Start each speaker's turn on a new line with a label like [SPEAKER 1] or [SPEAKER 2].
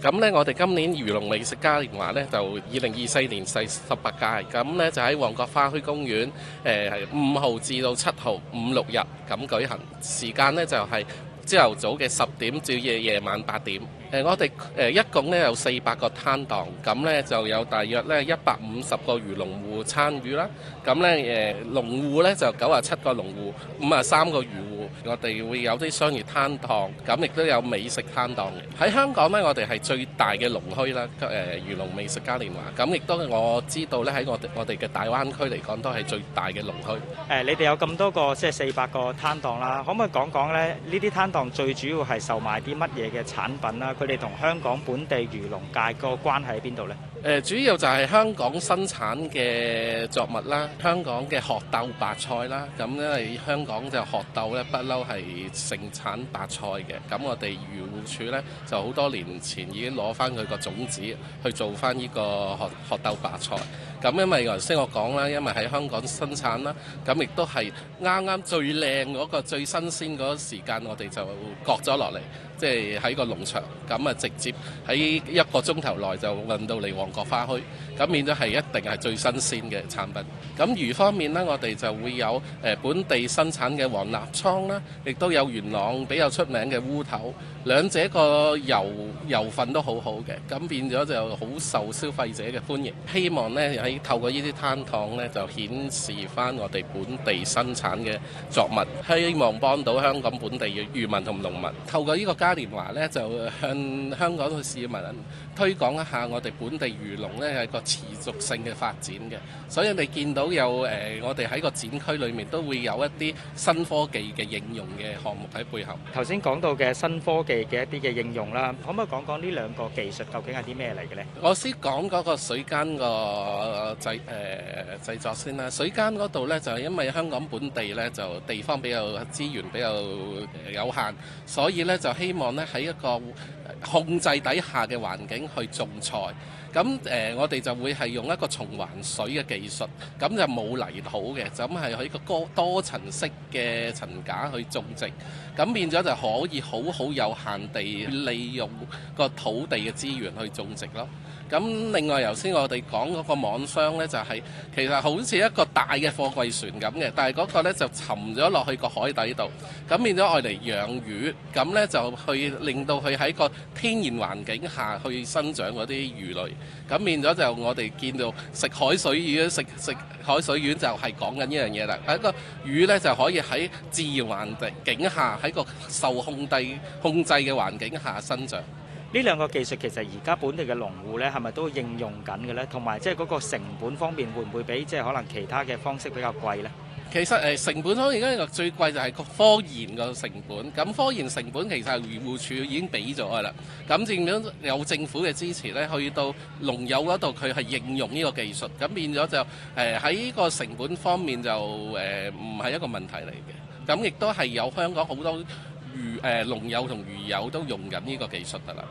[SPEAKER 1] 咁咧，我哋今年漁農美食嘉年華咧，就二零二四年第十八屆。咁咧，就喺旺角花墟公園，誒、呃，五號至到七號五六日咁舉行。時間咧就係朝頭早嘅十點至夜夜晚八點。誒我哋誒一共咧有四百個攤檔，咁咧就有大約咧一百五十個漁農戶參與啦。咁咧誒農戶咧就九十七個農戶，五十三個漁戶。我哋會有啲商業攤檔，咁亦都有美食攤檔嘅。喺香港咧，我哋係最大嘅農墟啦，誒漁農美食嘉年華。咁亦都我知道咧，喺我哋我哋嘅大灣區嚟講，都係最大嘅農墟。誒你哋有咁多個即係四百個攤檔啦，可
[SPEAKER 2] 唔可以講講咧呢啲攤檔最主要係售賣啲乜嘢嘅產品啊？佢哋同香港本
[SPEAKER 1] 地漁農界個關係喺邊度咧？主要就係香港生產嘅作物啦，香港嘅鶴藪白菜啦，咁因為香港就鶴藪咧不嬲係盛產白菜嘅，咁我哋漁護署咧就好多年前已經攞翻佢個種子去做翻呢個鶴鶴藪白菜，咁因為頭先我講啦，因為喺香港生產啦，咁亦都係啱啱最靚嗰個最新鮮嗰時間，我哋就割咗落嚟，即係喺個農場，咁啊直接喺一個鐘頭內就運到嚟我個花墟咁變咗係一定係最新鮮嘅產品。咁魚方面咧，我哋就會有誒本地生產嘅黃立倉啦，亦都有元朗比較出名嘅烏頭，兩者個油油份都好好嘅，咁變咗就好受消費者嘅歡迎。希望咧喺透過呢啲攤檔咧，就顯示翻我哋本地生產嘅作物，希望幫到香港本地嘅漁民同農民。透過呢個嘉年華咧，就向香港嘅市民推廣一下我哋本地。漁農呢係一個持續性嘅發展嘅，所以你見到有誒、呃，我哋喺個展區裏面都會有一啲新科技嘅應用嘅項目喺背後。
[SPEAKER 2] 頭先講到嘅新科技嘅一啲嘅應用啦，可唔可以講講呢兩個技術究竟係啲咩嚟嘅呢？
[SPEAKER 1] 我先講嗰個水耕個製誒、呃、製作先啦。水耕嗰度呢，就係因為香港本地呢，就地方比較資源比較有限，所以呢，就希望呢喺一個控制底下嘅環境去種菜。咁誒、呃，我哋就會係用一個循環水嘅技術，咁就冇泥土嘅，咁係喺個多多層式嘅層架去種植，咁變咗就可以好好有限地利用個土地嘅資源去種植咯。咁另外，由先我哋講嗰個網箱呢，就係、是、其實好似一個大嘅貨櫃船咁嘅，但係嗰個呢就沉咗落去個海底度，咁變咗愛嚟養魚，咁呢就去令到佢喺個天然環境下去生長嗰啲魚類。咁變咗就我哋見到食海水魚，食食海水魚就係講緊呢樣嘢啦。喺個魚呢，就可以喺自然環境下，喺個受控低控制嘅環境下生長。呢兩個技術其
[SPEAKER 2] 實而家本地嘅農戶呢，係咪都應用緊嘅呢？同埋即係嗰個成本方面，會唔會比即係、就
[SPEAKER 1] 是、可能其他嘅方式比較貴呢？其實誒成本方面咧，最貴就係科研嘅成本。咁科研成本其實漁護署已經俾咗噶啦。咁自然上有政府嘅支持咧，去到農友嗰度，佢係應用呢個技術，咁變咗就誒喺呢個成本方面就誒唔係一個問題嚟嘅。咁亦都係有香港好多漁誒農友同漁友都用緊呢個技術噶啦。